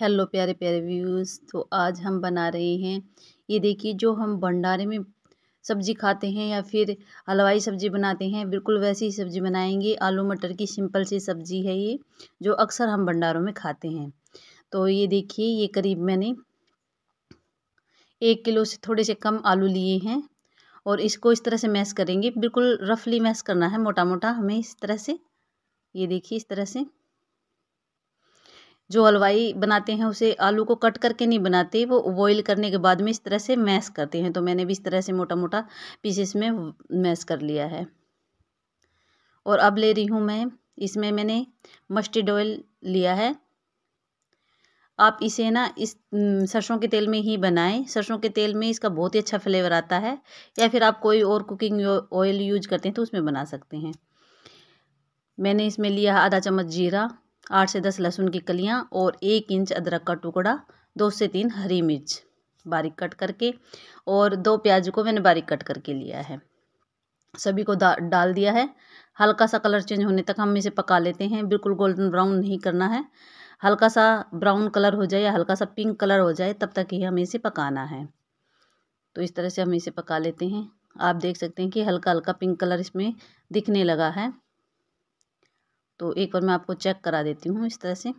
hello प्यारे प्यारे views तो आज हम बना रहे हैं ये देखिए जो हम भंडारे में सब्ज़ी खाते हैं या फिर हलवाई सब्ज़ी बनाते हैं बिल्कुल वैसी ही सब्ज़ी बनाएंगे आलू मटर की सिंपल सी सब्ज़ी है ये जो अक्सर हम भंडारों में खाते हैं तो ये देखिए ये करीब मैंने एक किलो से थोड़े से कम आलू लिए हैं और इसको इस तरह से मैश करेंगे बिल्कुल रफली मैश करना है मोटा मोटा हमें इस तरह से ये देखिए इस तरह से जो हलवाई बनाते हैं उसे आलू को कट करके नहीं बनाते वो बॉईल करने के बाद में इस तरह से मैश करते हैं तो मैंने भी इस तरह से मोटा मोटा पीसेस में मैश कर लिया है और अब ले रही हूँ मैं इसमें मैंने मस्टर्ड ऑयल लिया है आप इसे ना इस सरसों के तेल में ही बनाएं सरसों के तेल में इसका बहुत ही अच्छा फ्लेवर आता है या फिर आप कोई और कुकिंग ऑयल यूज करते हैं तो उसमें बना सकते हैं मैंने इसमें लिया आधा चम्मच जीरा आठ से दस लहसुन की कलियाँ और एक इंच अदरक का टुकड़ा दो से तीन हरी मिर्च बारीक कट करके और दो प्याज को मैंने बारीक कट करके लिया है सभी को डाल दिया है हल्का सा कलर चेंज होने तक हम इसे पका लेते हैं बिल्कुल गोल्डन ब्राउन नहीं करना है हल्का सा ब्राउन कलर हो जाए या हल्का सा पिंक कलर हो जाए तब तक ही हमें इसे पकाना है तो इस तरह से हम इसे पका लेते हैं आप देख सकते हैं कि हल्का हल्का पिंक कलर इसमें दिखने लगा है तो एक बार मैं आपको चेक करा देती हूँ इस तरह से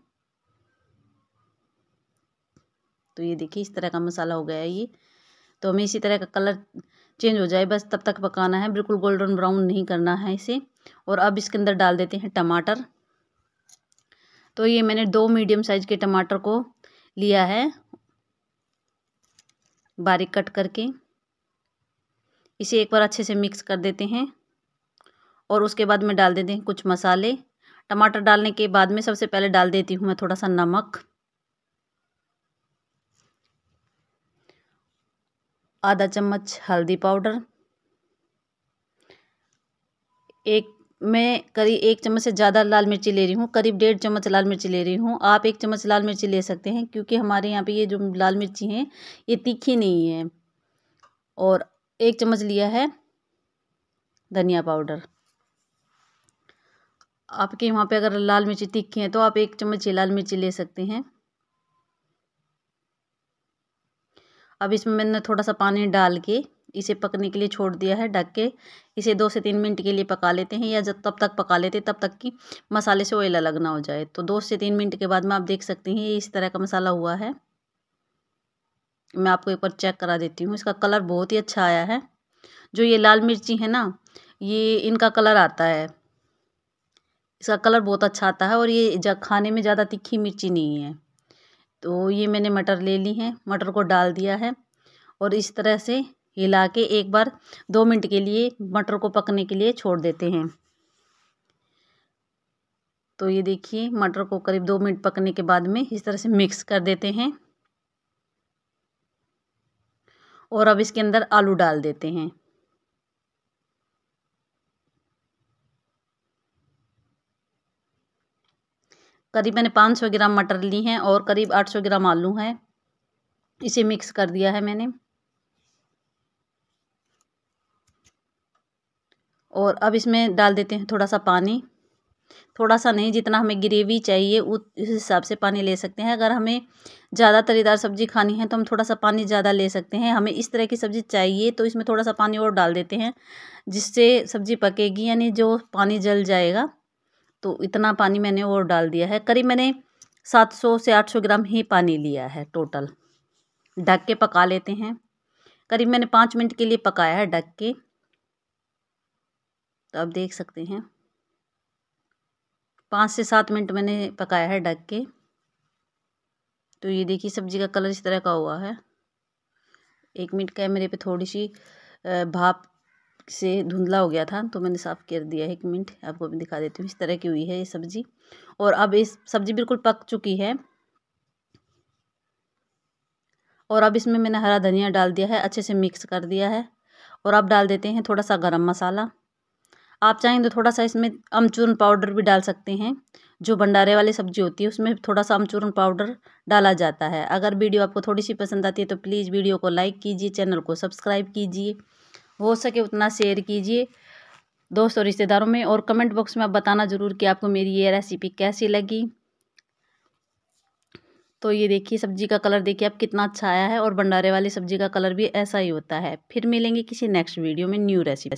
तो ये देखिए इस तरह का मसाला हो गया है ये तो हमें इसी तरह का कलर चेंज हो जाए बस तब तक पकाना है बिल्कुल गोल्डन ब्राउन नहीं करना है इसे और अब इसके अंदर डाल देते हैं टमाटर तो ये मैंने दो मीडियम साइज के टमाटर को लिया है बारीक कट करके इसे एक बार अच्छे से मिक्स कर देते हैं और उसके बाद में डाल देते हैं कुछ मसाले टमाटर डालने के बाद में सबसे पहले डाल देती हूँ मैं थोड़ा सा नमक आधा चम्मच हल्दी पाउडर एक मैं करीब एक चम्मच से ज़्यादा लाल मिर्ची ले रही हूँ करीब डेढ़ चम्मच लाल मिर्ची ले रही हूँ आप एक चम्मच लाल मिर्ची ले सकते हैं क्योंकि हमारे यहाँ पे ये जो लाल मिर्ची हैं ये तीखी नहीं है और एक चम्मच लिया है धनिया पाउडर आपके वहाँ पे अगर लाल मिर्ची तीखी है तो आप एक चम्मच ये लाल मिर्ची ले सकते हैं अब इसमें मैंने थोड़ा सा पानी डाल के इसे पकने के लिए छोड़ दिया है ढक के इसे दो से तीन मिनट के लिए पका लेते हैं या जब तब तक पका लेते हैं तब तक कि मसाले से ऑयल अलग ना हो जाए तो दो से तीन मिनट के बाद में आप देख सकते हैं ये इस तरह का मसाला हुआ है मैं आपको एक बार चेक करा देती हूँ इसका कलर बहुत ही अच्छा आया है जो ये लाल मिर्ची है ना ये इनका कलर आता है इसका कलर बहुत अच्छा आता है और ये खाने में ज़्यादा तीखी मिर्ची नहीं है तो ये मैंने मटर ले ली है मटर को डाल दिया है और इस तरह से हिला के एक बार दो मिनट के लिए मटर को पकने के लिए छोड़ देते हैं तो ये देखिए मटर को करीब दो मिनट पकने के बाद में इस तरह से मिक्स कर देते हैं और अब इसके अंदर आलू डाल देते हैं करीब मैंने पाँच सौ ग्राम मटर ली हैं और करीब आठ सौ ग्राम आलू हैं इसे मिक्स कर दिया है मैंने और अब इसमें डाल देते हैं थोड़ा सा पानी थोड़ा सा नहीं जितना हमें ग्रेवी चाहिए उस हिसाब से पानी ले सकते हैं अगर हमें ज़्यादा तरीदार सब्ज़ी खानी है तो हम थोड़ा सा पानी ज़्यादा ले सकते हैं हमें इस तरह की सब्ज़ी चाहिए तो इसमें थोड़ा सा पानी और डाल देते हैं जिससे सब्ज़ी पकेगी यानी जो पानी जल जाएगा तो इतना पानी मैंने और डाल दिया है करीब मैंने 700 से 800 ग्राम ही पानी लिया है टोटल ढक के पका लेते हैं करीब मैंने पाँच मिनट के लिए पकाया है ढक के तो आप देख सकते हैं पाँच से सात मिनट मैंने पकाया है ढक के तो ये देखिए सब्ज़ी का कलर इस तरह का हुआ है एक मिनट का है मेरे पे थोड़ी सी भाप से धुंधला हो गया था तो मैंने साफ़ कर दिया है एक मिनट आपको भी दिखा देती हूँ इस तरह की हुई है ये सब्ज़ी और अब इस सब्ज़ी बिल्कुल पक चुकी है और अब इसमें मैंने हरा धनिया डाल दिया है अच्छे से मिक्स कर दिया है और अब डाल देते हैं थोड़ा सा गरम मसाला आप चाहें तो थोड़ा सा इसमें अमचूरन पाउडर भी डाल सकते हैं जो भंडारे वाली सब्जी होती है उसमें थोड़ा सा अमचूरन पाउडर डाला जाता है अगर वीडियो आपको थोड़ी सी पसंद आती है तो प्लीज़ वीडियो को लाइक कीजिए चैनल को सब्सक्राइब कीजिए हो सके उतना शेयर कीजिए दोस्तों रिश्तेदारों में और कमेंट बॉक्स में आप बताना ज़रूर कि आपको मेरी ये रेसिपी कैसी लगी तो ये देखिए सब्जी का कलर देखिए आप कितना अच्छा आया है और भंडारे वाली सब्जी का कलर भी ऐसा ही होता है फिर मिलेंगे किसी नेक्स्ट वीडियो में न्यू रेसिपी